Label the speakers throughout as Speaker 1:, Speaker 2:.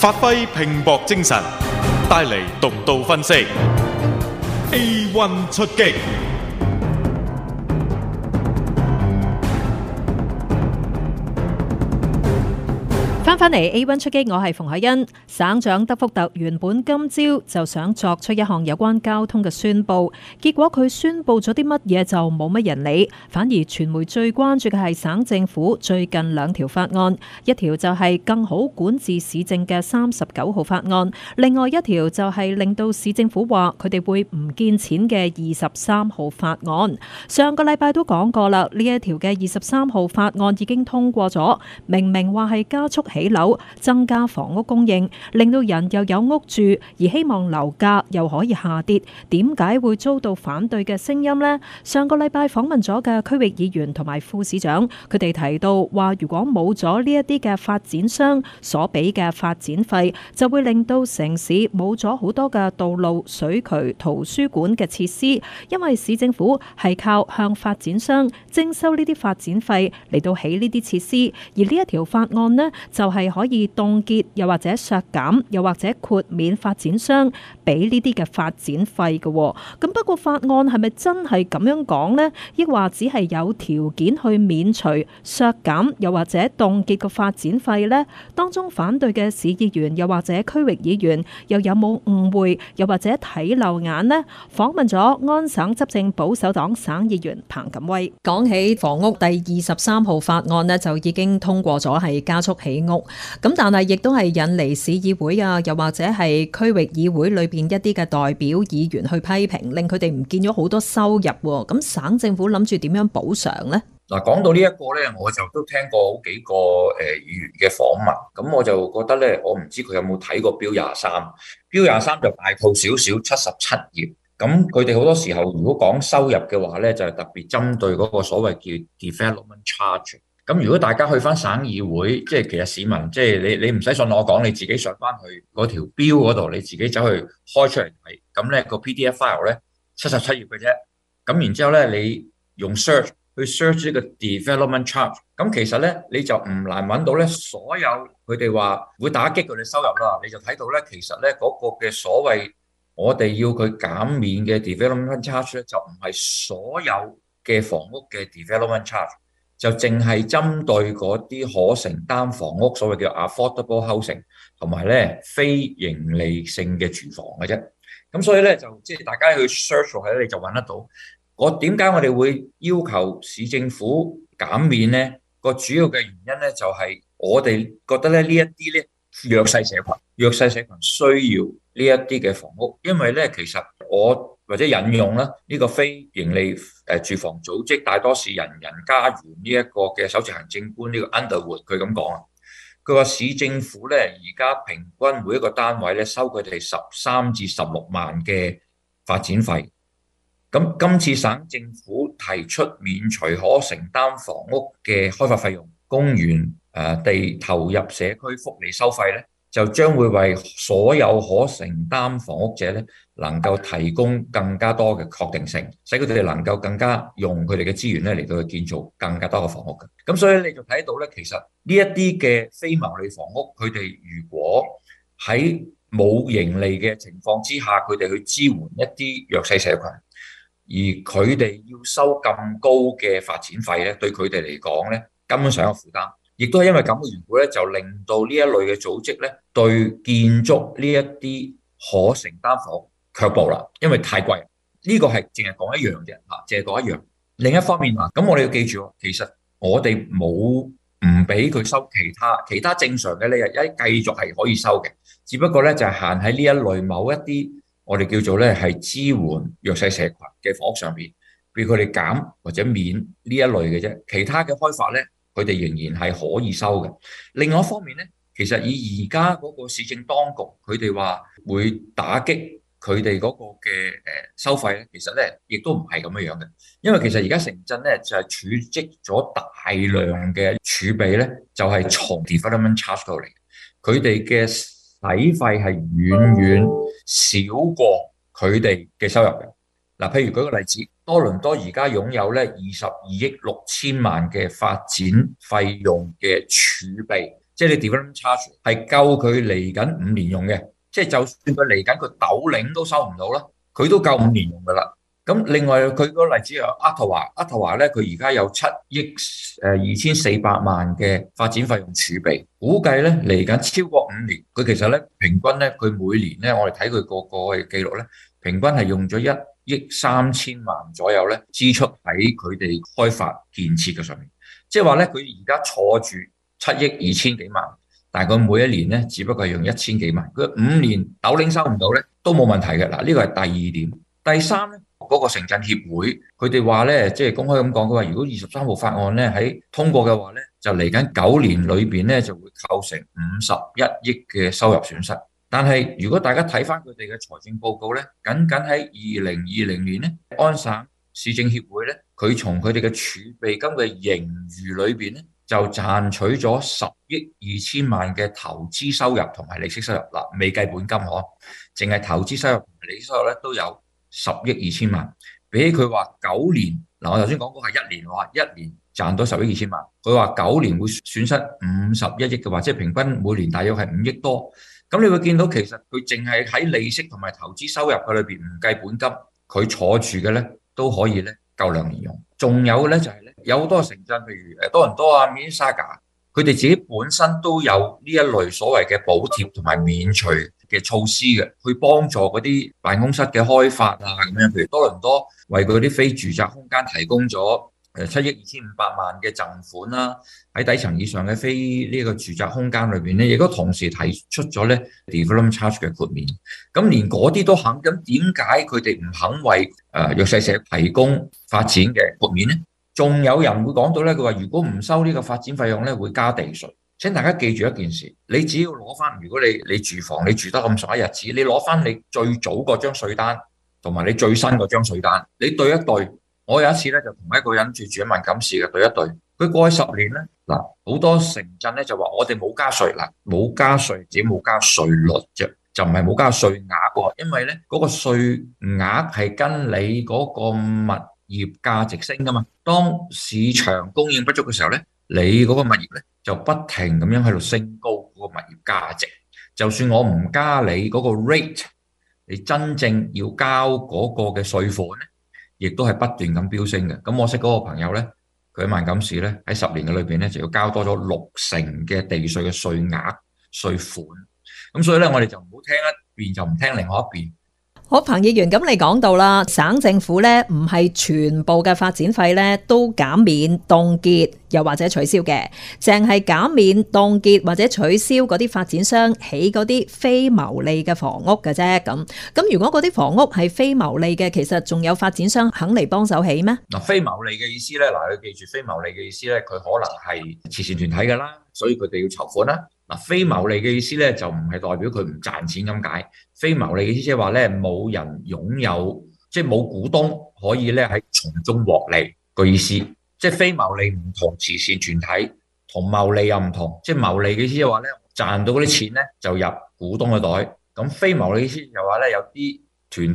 Speaker 1: 發揮拼搏精神，帶嚟獨到分析。A1 出擊。
Speaker 2: 翻嚟 A1 出擊，我係馮海恩。省長德福特原本今朝就想作出一項有關交通嘅宣佈，結果佢宣佈咗啲乜嘢就冇乜人理，反而傳媒最關注嘅係省政府最近兩條法案，一條就係更好管治市政嘅三十九號法案，另外一條就係令到市政府話佢哋會唔見錢嘅二十三號法案。上個禮拜都講過啦，呢一條嘅二十三號法案已經通過咗，明明話係加速起樓增加房屋供應，令到人又有屋住，而希望樓價又可以下跌。點解會遭到反對嘅聲音咧？上個禮拜訪問咗嘅區域議員同埋副市長，佢哋提到話，如果冇咗呢一啲嘅發展商所俾嘅發展費，就會令到城市冇咗好多嘅道路、水渠、圖書館嘅設施。因為市政府係靠向發展商徵收呢啲發展費嚟到起呢啲設施，而呢一條法案咧就係、是。係可以凍結，又或者削減，又或者豁免發展商俾呢啲嘅發展費嘅㗎喎。咁不過法案係咪真係咁樣講呢？抑或只係有條件去免除削減，又或者凍結個發展費呢？當中反對嘅市議員又或者區域議員又有冇誤會，又或者睇漏眼呢？訪問咗安省執政保守黨省議員彭錦威。講起房屋第二十三號法案呢，就已經通過咗係加速起屋。咁但係亦都係引嚟市議會啊，又或者係區域議會裏邊一啲嘅代表議員去批評，令佢哋唔見咗好多收入。咁省政府諗住點樣補償咧？
Speaker 1: 嗱，講到呢一個咧，我就都聽過好幾個誒議員嘅訪問。咁我就覺得咧，我唔知佢有冇睇過 Bill 23。Bill 23就大套少少七十七頁。咁佢哋好多時候如果講收入嘅話咧，就係特別針對嗰個所謂叫 development charge。咁如果大家去翻省議會，即係其實市民，即係你你唔使信我講，你自己上翻去嗰條 bill 嗰度，你自己走去開出嚟睇，咁咧個 PDF file 咧七十七頁嘅啫。咁然之後咧，你用 search 去 search 呢個 development charge，咁其實咧你就唔難揾到咧，所有佢哋話會打擊佢哋收入啦，你就睇到咧，其實咧嗰個嘅所謂我哋要佢減免嘅 development charge 咧，就唔係所有嘅房屋嘅 development charge。就淨係針對嗰啲可承擔房屋，所謂叫 affordable housing，同埋咧非盈利性嘅住房嘅啫。咁所以咧就即係大家去 search 喺你就搵得到。我點解我哋會要求市政府減免咧？個主要嘅原因咧，就係我哋覺得咧呢一啲咧弱勢社群，弱勢社群需要呢一啲嘅房屋，因為咧其實我。或者引用咧呢個非盈利住房組織大多市人人家園呢一個嘅首席行政官呢個 Underwood，佢咁講啊，佢話市政府咧而家平均每一個單位咧收佢哋十三至十六萬嘅發展費。咁今次省政府提出免除可承擔房屋嘅開發費用，公園誒地投入社區福利收費咧。就將會為所有可承擔房屋者咧，能夠提供更加多嘅確定性，使佢哋能夠更加用佢哋嘅資源咧嚟到去建造更加多嘅房屋嘅。咁所以你就睇到咧，其實呢一啲嘅非牟利房屋，佢哋如果喺冇盈利嘅情況之下，佢哋去支援一啲弱勢社群，而佢哋要收咁高嘅發展費咧，對佢哋嚟講咧，根本上有負擔。亦都係因為咁嘅緣故咧，就令到呢一類嘅組織咧，對建築呢一啲可承擔房屋卻步啦，因為太貴。呢、呢個係淨係講一樣嘅，嚇，淨係講一樣。另一方面話，咁我哋要記住，其實我哋冇唔俾佢收其他，其他正常嘅你係一繼續係可以收嘅，只不過咧就係限喺呢一類某一啲我哋叫做咧係支援弱勢社群嘅房屋上邊，俾佢哋減或者免呢一類嘅啫，其他嘅開發咧。佢哋仍然係可以收嘅。另外一方面咧，其實以而家嗰個市政當局，佢哋話會打擊佢哋嗰個嘅誒收費咧，其實咧亦都唔係咁樣樣嘅。因為其實而家城鎮咧就係儲積咗大量嘅儲備咧，就係從 development charge 度嚟。佢哋嘅使費係遠遠少過佢哋嘅收入嘅。嗱，譬如舉個例子。多倫多而家擁有咧二十二億六千萬嘅發展費用嘅儲備，即係你 development charge，係夠佢嚟緊五年用嘅，即係就算佢嚟緊佢豆領都收唔到啦，佢都夠五年用噶啦。咁另外佢個例子又渥太華，渥太華咧佢而家有七億誒二千四百萬嘅發展費用儲備，估計咧嚟緊超過五年，佢其實咧平均咧佢每年咧我哋睇佢個個嘅記錄咧。平均係用咗一億三千萬左右咧，支出喺佢哋開發建設嘅上面。即係話咧，佢而家坐住七億二千幾萬，但係佢每一年咧，只不過係用一千幾萬。佢五年豆領收唔到咧，都冇問題嘅。嗱，呢個係第二點。第三咧，嗰個城鎮協會佢哋話咧，即係公開咁講，佢話如果二十三號法案咧喺通過嘅話咧，就嚟緊九年裏邊咧就會構成五十一億嘅收入損失。但係，如果大家睇翻佢哋嘅財政報告咧，僅僅喺二零二零年咧，安省市政協會咧，佢從佢哋嘅儲備金嘅盈餘裏邊咧，就賺取咗十億二千萬嘅投資收入同埋利息收入嗱，未計本金嗬，淨係投資收入、利息收入咧都有十億二千萬。比起佢話九年嗱，我頭先講過係一年話，一年賺到十億二千萬，佢話九年會損失五十一億嘅話，即係平均每年大約係五億多。咁你會見到其實佢淨係喺利息同埋投資收入嘅裏面唔計本金，佢坐住嘅咧都可以咧夠兩年用。仲有咧就係咧，有好多城鎮譬如誒多倫多啊、Mississauga，佢哋自己本身都有呢一類所謂嘅補貼同埋免除嘅措施嘅，去幫助嗰啲辦公室嘅開發啊咁樣。譬如多倫多為佢嗰啲非住宅空間提供咗。誒，七億二千五百萬嘅贈款啦，喺底層以上嘅非呢個住宅空間裏邊咧，亦都同時提出咗咧 development charge 嘅豁免。咁連嗰啲都肯，咁點解佢哋唔肯為誒弱勢社提供發展嘅豁免咧？仲有人會講到咧，佢話如果唔收呢個發展費用咧，會加地稅。請大家記住一件事，你只要攞翻，如果你你住房你住得咁傻一日子，你攞翻你最早嗰張稅單，同埋你最新嗰張稅單，你對一對。我有一次咧就同一個人住住喺萬錦市嘅對一對，佢過去十年咧嗱，好多城鎮咧就話我哋冇加稅啦，冇加稅只冇加稅率啫，就唔係冇加稅額喎，因為咧嗰個稅額係跟你嗰個物業價值升㗎嘛，當市場供應不足嘅時候咧，你嗰個物業咧就不停咁樣喺度升高嗰個物業價值，就算我唔加你嗰個 rate，你真正要交嗰個嘅稅款咧，亦都係不斷咁飆升嘅，咁我識嗰個朋友咧，佢喺萬錦市咧喺十年嘅裏面咧就要交多咗六成嘅地稅嘅稅額稅款，咁所以咧我哋就唔好聽一邊就唔聽另外一邊。
Speaker 2: 好彭議員，咁你講到啦，省政府咧唔係全部嘅發展費咧都減免凍結又或者取消嘅，淨係減免凍結或者取消嗰啲發展商起嗰啲非牟利嘅房屋嘅啫。咁咁如果嗰啲房屋係非牟利嘅，其實仲有發展商肯嚟幫手起咩？
Speaker 1: 嗱，非牟利嘅意思咧，嗱，你記住非牟利嘅意思咧，佢可能係慈善團體噶啦，所以佢哋要籌款啦。嗱，非牟利嘅意思咧，就唔係代表佢唔賺錢咁解。非牟利嘅意思即係話咧，冇人擁有，即係冇股東可以咧喺從中獲利個意思。即係非牟利唔同慈善團體，同牟利又唔同。即係牟利嘅意思話咧，賺到嗰啲錢咧就入股東嘅袋。咁非牟利嘅意思就話咧，有啲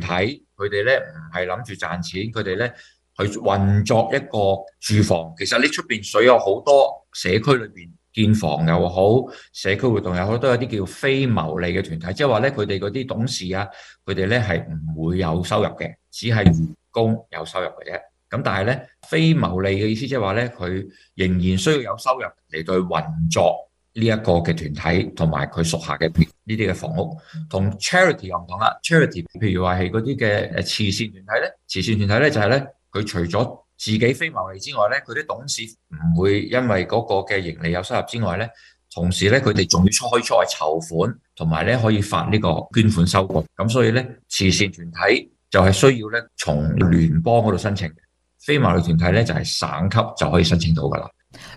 Speaker 1: 團體佢哋咧唔係諗住賺錢，佢哋咧去運作一個住房。其實你出邊水有好多社區裏邊。建房又好，社區活動又好，都有啲叫非牟利嘅團體，即係話咧，佢哋嗰啲董事啊，佢哋咧係唔會有收入嘅，只係員工有收入嘅啫。咁但係咧，非牟利嘅意思即係話咧，佢仍然需要有收入嚟對運作呢一個嘅團體同埋佢屬下嘅呢啲嘅房屋。同 charity 又唔同啦，charity 譬如話係嗰啲嘅誒慈善團體咧，慈善團體咧就係咧佢除咗自己非牟利之外咧，佢啲董事唔會因為嗰個嘅盈利有收入之外咧，同時咧佢哋仲要出去籌款，同埋咧可以發呢個捐款收據。咁所以咧，慈善團體就係需要咧從聯邦嗰度申請，非牟利團體咧就係省級就可以申請到噶啦。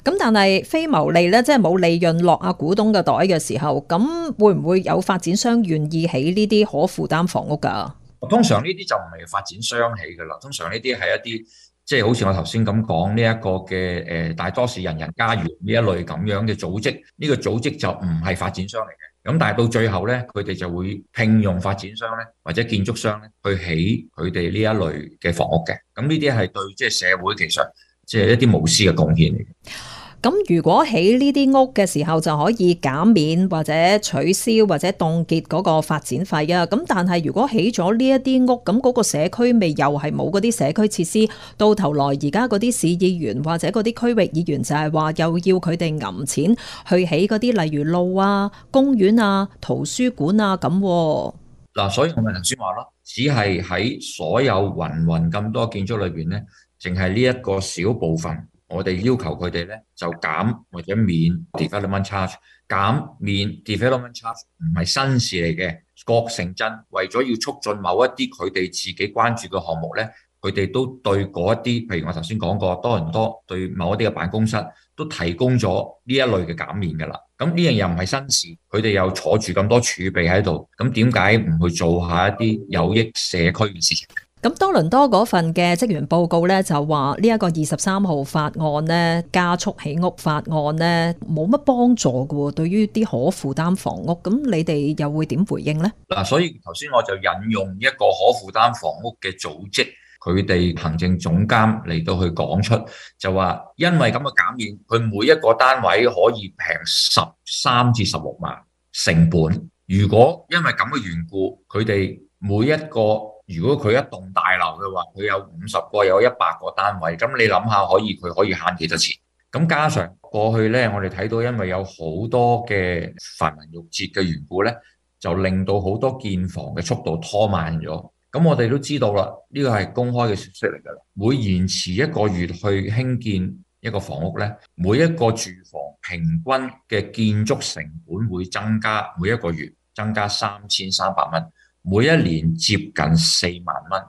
Speaker 2: 咁但係非牟利咧，即係冇利潤落阿股東嘅袋嘅時候，咁會唔會有發展商願意起呢啲可負擔房屋噶？通常呢
Speaker 1: 啲就唔係發展商起噶啦，通常呢啲係一啲。即係好似我頭先咁講呢一個嘅大多數人人家園呢一類咁樣嘅組織，呢個組織就唔係發展商嚟嘅。咁但係到最後咧，佢哋就會聘用發展商咧，或者建築商咧去起佢哋呢一類嘅房屋嘅。咁呢啲係對即係社會其實即係一啲無私嘅貢獻嚟嘅。
Speaker 2: 咁如果起呢啲屋嘅時候就可以減免或者取消或者凍結嗰個發展費啊，咁但係如果起咗呢一啲屋，咁嗰個社區未又係冇嗰啲社區設施，到頭來而家嗰啲市議員或者嗰啲區域議員就係話又要佢哋揞錢去起嗰啲例如路啊、公園啊、圖書館啊咁、啊。
Speaker 1: 嗱，所以我咪頭先話咯，只係喺所有芸芸咁多建築裏邊呢，淨係呢一個小部分。我哋要求佢哋咧就減或者免 development charge，減免 development charge 唔係新事嚟嘅，各城鎮為咗要促進某一啲佢哋自己關注嘅項目咧，佢哋都對嗰一啲，譬如我頭先講過，多倫多，對某一啲嘅辦公室都提供咗呢一類嘅減免㗎啦。咁呢樣又唔係新事，佢哋又坐住咁多儲備喺度，咁點解唔去做下一啲有益社區嘅事情？
Speaker 2: 咁多倫多嗰份嘅職員報告呢，就話呢一個二十三號法案呢，加速起屋法案呢，冇乜幫助㗎喎。對於啲可負擔房屋，咁你哋又會點回應呢？
Speaker 1: 嗱，所以頭先我就引用一個可負擔房屋嘅組織，佢哋行政總監嚟到去講出，就話因為咁嘅減免，佢每一個單位可以平十三至十六萬成本。如果因為咁嘅緣故，佢哋每一個如果佢一棟大樓嘅話，佢有五十個，有一百個單位，咁你諗下可以，佢可以慳幾多錢？咁、嗯、加上過去呢，我哋睇到因為有好多嘅繁文縟節嘅緣故呢，就令到好多建房嘅速度拖慢咗。咁我哋都知道啦，呢個係公開嘅消息嚟㗎啦。每延遲一個月去興建一個房屋呢，每一個住房平均嘅建築成本會增加，每一個月增加三千三百蚊。每一年接近四萬蚊，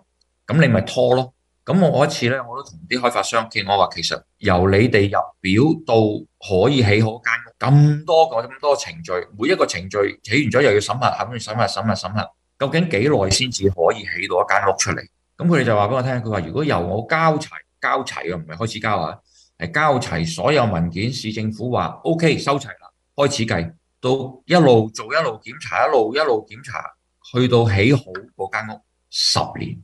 Speaker 1: 咁你咪拖咯。咁我一次咧，我都同啲開發商傾，我話其實由你哋入表到可以起好間屋，咁多個咁多程序，每一個程序起完咗又要審核，後要審核審核審核，究竟幾耐先至可以起到一間屋出嚟？咁佢哋就話俾我聽，佢話如果由我交齊交齊，我唔係開始交啊，係交齊所有文件，市政府話 OK 收齊啦，開始計，到一路做一路檢查，一路一路檢查。去到起好嗰間屋十年，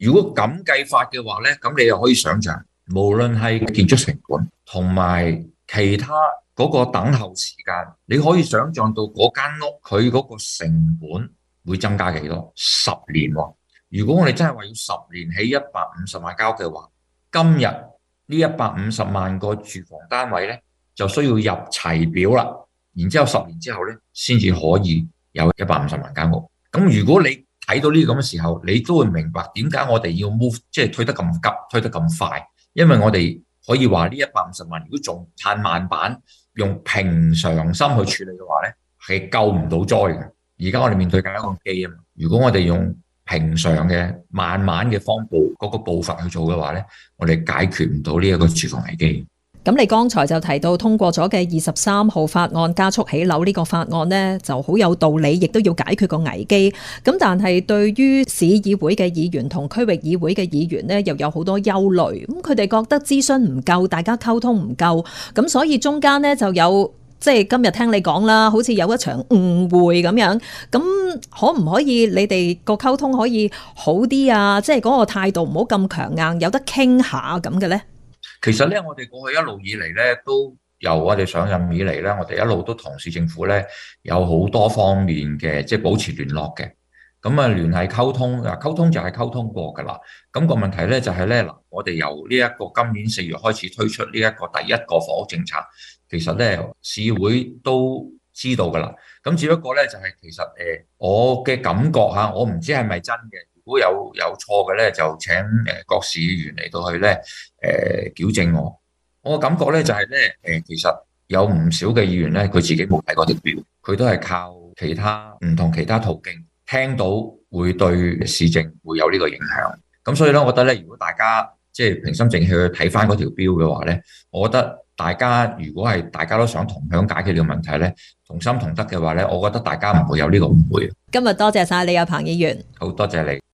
Speaker 1: 如果咁計法嘅話呢，咁你又可以想象，無論係建築成本同埋其他嗰個等候時間，你可以想象到嗰間屋佢嗰個成本會增加幾多？十年喎，如果我哋真係話要十年起一百五十萬間屋嘅話，今日呢一百五十萬個住房單位呢就需要入齊表啦，然之後十年之後呢，先至可以有一百五十萬間屋。咁如果你睇到呢咁嘅時候，你都會明白點解我哋要 move，即係推得咁急，推得咁快，因為我哋可以話呢一百五十萬，如果仲撐慢板，用平常心去處理嘅話呢係救唔到災嘅。而家我哋面對緊一個機啊，如果我哋用平常嘅慢慢嘅方步嗰個步伐去做嘅話呢，我哋解決唔到呢一個住房危機。
Speaker 2: 咁你剛才就提到通過咗嘅二十三號法案加速起樓呢個法案呢，就好有道理，亦都要解決個危機。咁但係對於市議會嘅議員同區域議會嘅議員呢，又有好多憂慮。咁佢哋覺得諮詢唔夠，大家溝通唔夠。咁所以中間呢，就有即係今日聽你講啦，好似有一場誤會咁樣。咁可唔可以你哋個溝通可以好啲啊？即係嗰個態度唔好咁強硬，有得傾下咁嘅呢？
Speaker 1: 其實咧，我哋過去一路以嚟咧，都由我哋上任以嚟咧，我哋一路都同市政府咧有好多方面嘅，即係保持聯絡嘅。咁啊，聯繫溝通，嗱溝通就係溝通過㗎啦。咁個問題咧就係咧，嗱我哋由呢一個今年四月開始推出呢一個第一個房屋政策，其實咧市會都知道㗎啦。咁只不過咧就係其實誒我嘅感覺嚇，我唔知係咪真嘅。如果有有錯嘅咧，就請誒各市議員嚟到去咧誒、呃、矯正我。我感覺咧就係咧誒，其實有唔少嘅議員咧，佢自己冇睇嗰條標，佢都係靠其他唔同其他途徑聽到會對市政會有呢個影響。咁所以咧，我覺得咧，如果大家即係、就是、平心靜氣去睇翻嗰條標嘅話咧，我覺得大家如果係大家都想同享解決呢個問題咧，同心同德嘅話咧，我覺得大家唔會有呢個誤會。
Speaker 2: 今日多謝晒你啊，彭議員。
Speaker 1: 好多謝你。